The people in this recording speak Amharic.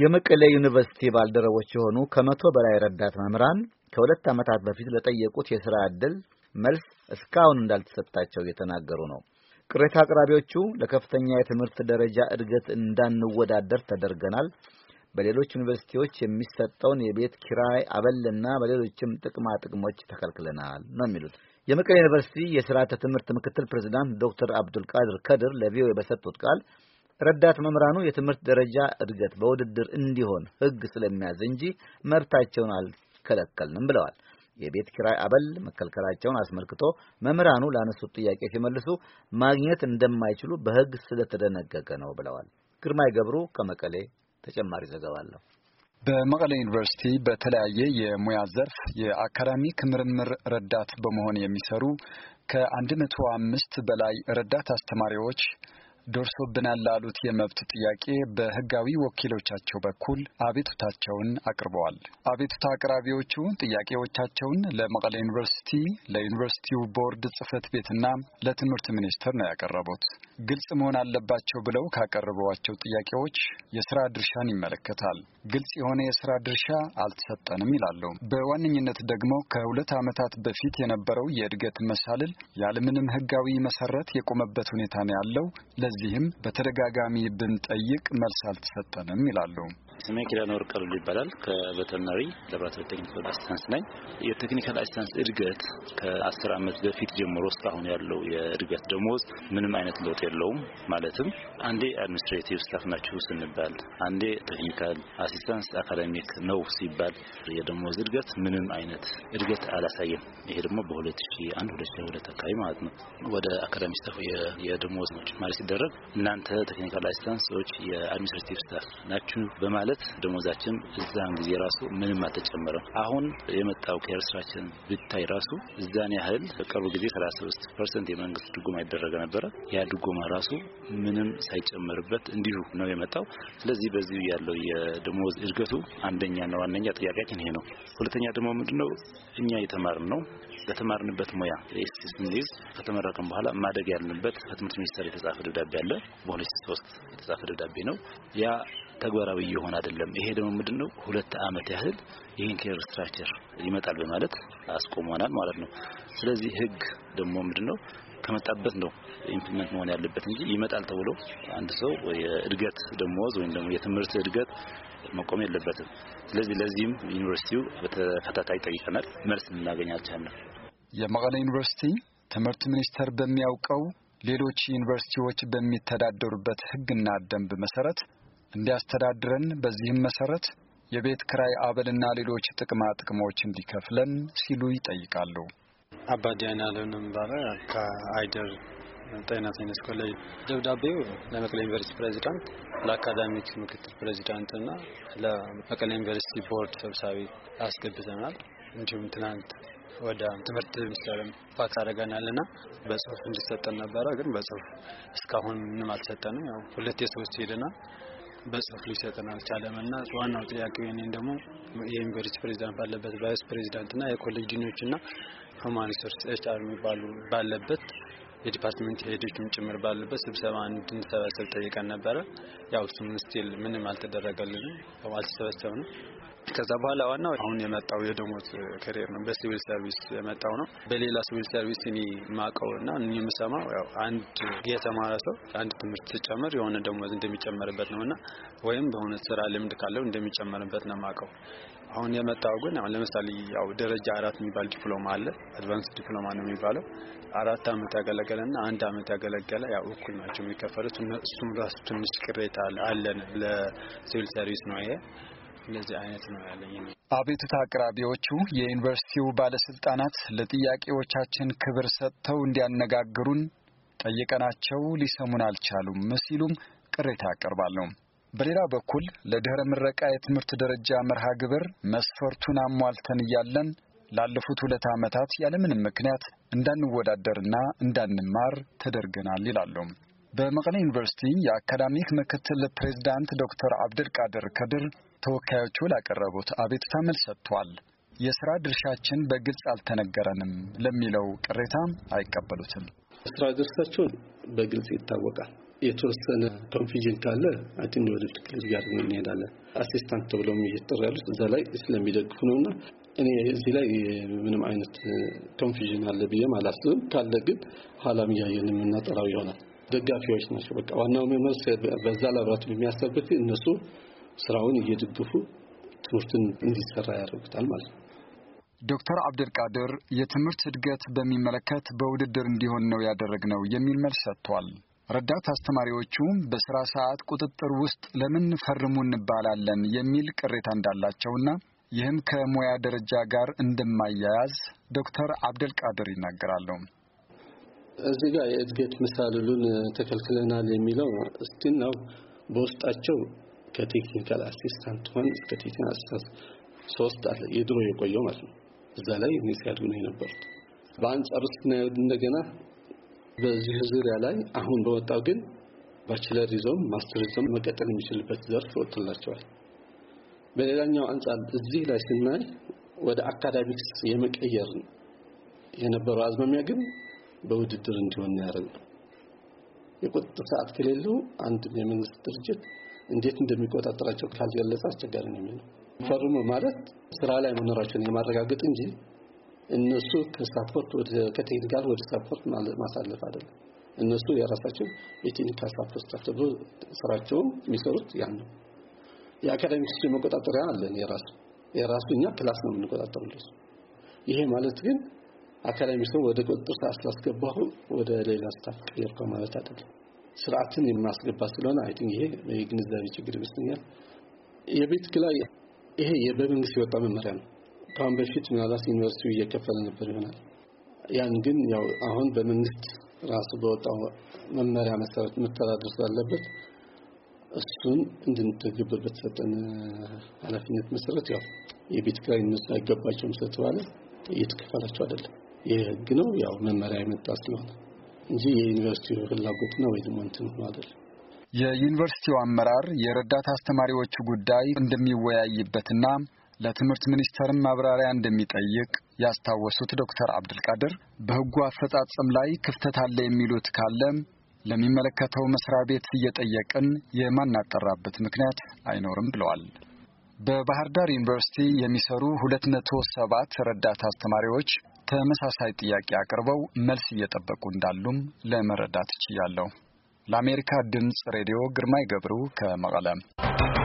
የመቀሌ ዩኒቨርሲቲ ባልደረቦች የሆኑ ከመቶ በላይ ረዳት መምህራን ከሁለት ዓመታት በፊት ለጠየቁት የሥራ ዕድል መልስ እስካሁን እንዳልተሰጣቸው እየተናገሩ ነው። ቅሬታ አቅራቢዎቹ ለከፍተኛ የትምህርት ደረጃ እድገት እንዳንወዳደር ተደርገናል፣ በሌሎች ዩኒቨርሲቲዎች የሚሰጠውን የቤት ኪራይ አበልና በሌሎችም ጥቅማ ጥቅሞች ተከልክለናል ነው የሚሉት። የመቀሌ ዩኒቨርሲቲ የስርዓተ ትምህርት ምክትል ፕሬዚዳንት ዶክተር አብዱልቃድር ከድር ለቪኦኤ በሰጡት ቃል ረዳት መምህራኑ የትምህርት ደረጃ እድገት በውድድር እንዲሆን ሕግ ስለሚያዝ እንጂ መብታቸውን አልከለከልንም ብለዋል። የቤት ኪራይ አበል መከልከላቸውን አስመልክቶ መምህራኑ ላነሱት ጥያቄ ሲመልሱ ማግኘት እንደማይችሉ በሕግ ስለተደነገገ ነው ብለዋል። ግርማይ ገብሩ ከመቀሌ ተጨማሪ ዘገባ አለው። በመቀሌ ዩኒቨርሲቲ በተለያየ የሙያ ዘርፍ የአካዳሚክ ምርምር ረዳት በመሆን የሚሰሩ ከአንድ መቶ አምስት በላይ ረዳት አስተማሪዎች ደርሶብናል ላሉት የመብት ጥያቄ በህጋዊ ወኪሎቻቸው በኩል አቤቱታቸውን አቅርበዋል። አቤቱታ አቅራቢዎቹ ጥያቄዎቻቸውን ለመቀለ ዩኒቨርሲቲ፣ ለዩኒቨርሲቲው ቦርድ ጽሕፈት ቤትና ለትምህርት ሚኒስቴር ነው ያቀረቡት። ግልጽ መሆን አለባቸው ብለው ካቀረቧቸው ጥያቄዎች የስራ ድርሻን ይመለከታል። ግልጽ የሆነ የስራ ድርሻ አልተሰጠንም ይላሉ። በዋነኝነት ደግሞ ከሁለት ዓመታት በፊት የነበረው የእድገት መሳልል ያለምንም ህጋዊ መሰረት የቆመበት ሁኔታ ነው ያለው። ስለዚህም በተደጋጋሚ ብንጠይቅ መልስ አልተሰጠንም ይላሉ። ስሜ ኪዳነ ወርቅ ይባላል። ከቬተርናሪ ላብራቶሪ ቴክኒካል አሲስታንስ ነኝ። የቴክኒካል አሲስታንስ እድገት ከአስር ዓመት በፊት ጀምሮ እስካሁን ያለው የእድገት ደሞዝ ምንም አይነት ለውጥ የለውም። ማለትም አንዴ አድሚኒስትሬቲቭ ስታፍ ናችሁ ስንባል፣ አንዴ ቴክኒካል አሲስታንስ አካዳሚክ ነው ሲባል የደሞዝ እድገት ምንም አይነት እድገት አላሳየም። ይሄ ደግሞ በ2001 2002 አካባቢ ማለት ነው ወደ አካዳሚ ስታፍ የደሞዝ ጭማሪ ሲደረግ እናንተ ቴክኒካል አሲስታንሶች የአድሚኒስትሬቲቭ ስታፍ ናችሁ በማለት ማለት ደሞዛችን እዛን ጊዜ ራሱ ምንም አልተጨመረም። አሁን የመጣው ከርስራችን ብታይ ራሱ እዛን ያህል በቅርቡ ጊዜ 33 ፐርሰንት የመንግስት ድጎማ ይደረገ ነበረ። ያ ድጎማ ራሱ ምንም ሳይጨመርበት እንዲሁ ነው የመጣው። ስለዚህ በዚሁ ያለው የደሞዝ እድገቱ አንደኛና ዋነኛ ጥያቄያችን ይሄ ነው። ሁለተኛ ደግሞ ምንድነው እኛ የተማርን ነው በተማርንበት ሙያ ኤስሲ ስንይዝ ከተመረቅን በኋላ ማደግ ያለንበት ከትምህርት ሚኒስቴር የተጻፈ ደብዳቤ አለ። በሁለት ሶስት የተጻፈ ደብዳቤ ነው ያ ተግባራዊ እየሆነ አይደለም። ይሄ ደግሞ ምንድነው ሁለት አመት ያህል ይህን ኬር ስትራክቸር ይመጣል በማለት አስቆመናል ማለት ነው። ስለዚህ ህግ ደግሞ ምንድነው ከመጣበት ነው ኢምፕሊመንት መሆን ያለበት እንጂ ይመጣል ተብሎ አንድ ሰው የእድገት ደሞዝ ወይም ደግሞ የትምህርት እድገት መቆም የለበትም። ስለዚህ ለዚህም ዩኒቨርሲቲው በተከታታይ ጠይቀናል፣ መልስ ልናገኝ አልቻልንም። የመቀለ ዩኒቨርሲቲ ትምህርት ሚኒስቴር በሚያውቀው ሌሎች ዩኒቨርሲቲዎች በሚተዳደሩበት ህግና ደንብ መሰረት እንዲያስተዳድረን በዚህም መሰረት የቤት ክራይ አበልና ሌሎች ጥቅማ ጥቅሞች እንዲከፍለን ሲሉ ይጠይቃሉ። አባዲያን ያለን ባለ ከአይደር ጤና ሳይንስ ኮሌጅ ደብዳቤው ለመቀሌ ዩኒቨርሲቲ ፕሬዚዳንት፣ ለአካዳሚክ ምክትል ፕሬዚዳንት እና ለመቀሌ ዩኒቨርሲቲ ቦርድ ሰብሳቢ አስገብተናል። እንዲሁም ትናንት ወደ ትምህርት ሚኒስቴር ፋክስ አድርገናል እና በጽሁፍ እንዲሰጠን ነበረ። ግን በጽሁፍ እስካሁን ምንም አልሰጠንም። ያው ሁለት የሰዎች ሄደናል በጽሁፍ ሊሰጠን አልቻለም እና ዋናው ጥያቄ የኔን ደግሞ የዩኒቨርሲቲ ፕሬዚዳንት ባለበት ቫይስ ፕሬዚዳንት እና የኮሌጅ ዲኖች እና ሁማን ሪሶርስ ኤች አር የሚባሉ ባለበት የዲፓርትመንት ሄዶችም ጭምር ባለበት ስብሰባ እንድንሰበሰብ ጠይቀን ነበረ። ያው እሱም ስቲል ምንም አልተደረገልንም፣ አልተሰበሰብንም። ከዛ በኋላ ዋናው አሁን የመጣው የደሞዝ ከሪየር ነው። በሲቪል ሰርቪስ የመጣው ነው። በሌላ ሲቪል ሰርቪስ እኔ ማቀው እና የምሰማው ያው አንድ የተማረ ሰው አንድ ትምህርት ሲጨምር የሆነ ደሞዝ እንደሚጨመርበት ነው እና ወይም በሆነ ስራ ልምድ ካለው እንደሚጨመርበት ነው ማቀው። አሁን የመጣው ግን አሁን ለምሳሌ ያው ደረጃ አራት የሚባል ዲፕሎማ አለ። አድቫንስ ዲፕሎማ ነው የሚባለው። አራት አመት ያገለገለ አንድ አመት ያገለገለ ያው እኩል ናቸው የሚከፈሉት። እሱም ራሱ ትንሽ ቅሬታ አለን ለሲቪል ሰርቪስ ነው ይሄ እንደዚህ አይነት ነው ያለኝ። አቤቱታ አቅራቢዎቹ የዩኒቨርሲቲው ባለስልጣናት ለጥያቄዎቻችን ክብር ሰጥተው እንዲያነጋግሩን ጠይቀናቸው ሊሰሙን አልቻሉም ሲሉም ቅሬታ ያቀርባለሁ። በሌላ በኩል ለድኅረ ምረቃ የትምህርት ደረጃ መርሃ ግብር መስፈርቱን አሟልተን እያለን ላለፉት ሁለት ዓመታት ያለምንም ምክንያት እንዳንወዳደርና እንዳንማር ተደርገናል ይላሉ። በመቀሌ ዩኒቨርሲቲ የአካዳሚክ ምክትል ፕሬዝዳንት ዶክተር አብደልቃድር ከድር ተወካዮቹ ላቀረቡት አቤቱታ መልስ ሰጥቷል። የስራ ድርሻችን በግልጽ አልተነገረንም ለሚለው ቅሬታ አይቀበሉትም። ስራ ድርሻቸውን በግልጽ ይታወቃል። የተወሰነ ኮንፊዥን ካለ አትን ወደፊት ክልል ጋር እንሄዳለን። አሲስታንት ተብሎ የሚጠሩ ያሉት እዛ ላይ ስለሚደግፉ ነው እና እኔ እዚህ ላይ ምንም አይነት ኮንፊዥን አለ ብዬም አላስብም። ካለ ግን ኋላም እያየን የምናጠራው ይሆናል። ደጋፊዎች ናቸው። በቃ ዋናው መመርስ በዛ ላብራቱ የሚያሰብት እነሱ ስራውን እየደግፉ ትምህርትን እንዲሰራ ያደርጉታል ማለት ነው። ዶክተር አብደልቃድር የትምህርት እድገት በሚመለከት በውድድር እንዲሆን ነው ያደረግነው የሚል መልስ ሰጥቷል። ረዳት አስተማሪዎቹም በስራ ሰዓት ቁጥጥር ውስጥ ለምን ፈርሙ እንባላለን የሚል ቅሬታ እንዳላቸውና ይህም ከሙያ ደረጃ ጋር እንደማያያዝ ዶክተር አብደልቃድር ይናገራሉ። እዚህ ጋር የእድገት ምሳልሉን ተከልክለናል የሚለው እስቲ ነው በውስጣቸው ከቴክኒካል አሲስታንት ሆን እስከ ቴክኒካል አሲስታንት ሶስት አለ የድሮ የቆየው ማለት ነው። እዛ ላይ እኔ ሲያድጉ ነው የነበሩት። በአንጻሩ ስናየው እንደገና በዚህ ዙሪያ ላይ አሁን በወጣው ግን ባችለር ይዞም ማስተር ይዞም መቀጠል የሚችልበት ዘርፍ ወጥቶላቸዋል። በሌላኛው አንጻር እዚህ ላይ ስናይ ወደ አካዳሚክስ የመቀየር የነበረው አዝማሚያ ግን በውድድር እንዲሆን ያደርጋል። የቁጥጥር ሰዓት ከሌለው አንድ የመንግስት ድርጅት እንዴት እንደሚቆጣጠራቸው ካልገለጸ አስቸጋሪ ነው የሚሆነው። ፈርሙ ማለት ስራ ላይ መኖራቸውን የማረጋገጥ እንጂ እነሱ ከሳፖርት ወደ ከቴክኒካል ወደ ሳፖርት ማሳለፍ አይደለም። እነሱ የራሳቸው የቴክኒካል ሳፖርት ተብሎ ስራቸውን የሚሰሩት ያን ነው። የአካዳሚክስ መቆጣጠሪያ አለን የራሱ የራሱ እኛ ክላስ ነው የምንቆጣጠረው። ይሄ ማለት ግን አካዳሚክስ ወደ ቁጥጥር ሳስላስገባሁ ወደ ሌላ ስታፍ ቀየርከው ማለት አይደለም። ስርዓትን የማስገባ ስለሆነ አይ ቲንክ ይሄ የግንዛቤ ችግር ይመስለኛል። የቤት ኪራይ ይሄ በመንግስት የወጣ መመሪያ ነው። ከአሁን በፊት ምናልባት ዩኒቨርሲቲው እየከፈለ ነበር ይሆናል። ያን ግን ያው አሁን በመንግስት ራሱ በወጣው መመሪያ መሰረት መተዳደር ስላለበት እሱን እንድንተገብር በተሰጠን ኃላፊነት መሰረት ያው የቤት ኪራይ እነሱ አይገባቸውም ስለተባለ እየተከፈላቸው አይደለም። ይህ ህግ ነው ያው መመሪያ የመጣ ስለሆነ እንጂ የዩኒቨርሲቲው ፍላጎት ነው ወይ ደግሞ እንትን ነው አይደለም። የዩኒቨርሲቲው አመራር የረዳት አስተማሪዎቹ ጉዳይ እንደሚወያይበትና ለትምህርት ሚኒስቴርም ማብራሪያ እንደሚጠይቅ ያስታወሱት ዶክተር አብድልቃድር በሕጉ አፈጻጸም ላይ ክፍተት አለ የሚሉት ካለ ለሚመለከተው መስሪያ ቤት እየጠየቅን የማናጠራበት ምክንያት አይኖርም ብለዋል። በባህር ዳር ዩኒቨርሲቲ የሚሰሩ ሁለት መቶ ሰባት ረዳት አስተማሪዎች ተመሳሳይ ጥያቄ አቅርበው መልስ እየጠበቁ እንዳሉም ለመረዳት ችያለሁ። ለአሜሪካ ድምፅ ሬዲዮ ግርማይ ገብሩ ከመቀለም